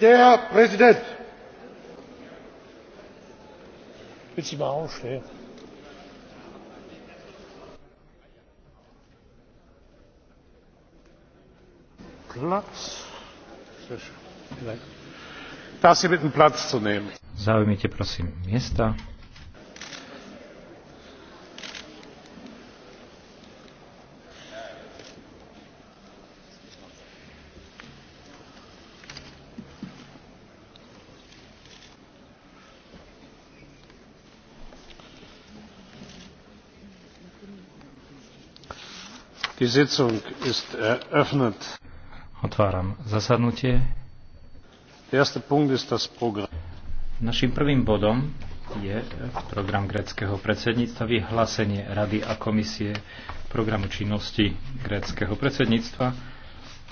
Der Präsident. Willst du Sie bitten, Platz zu nehmen? Zaujmite prosím miesta. Otváram zasadnutie. naším prvým bodom je program gréckého predsedníctva vyhlásenie Rady a komisie programu činnosti gréckého predsedníctva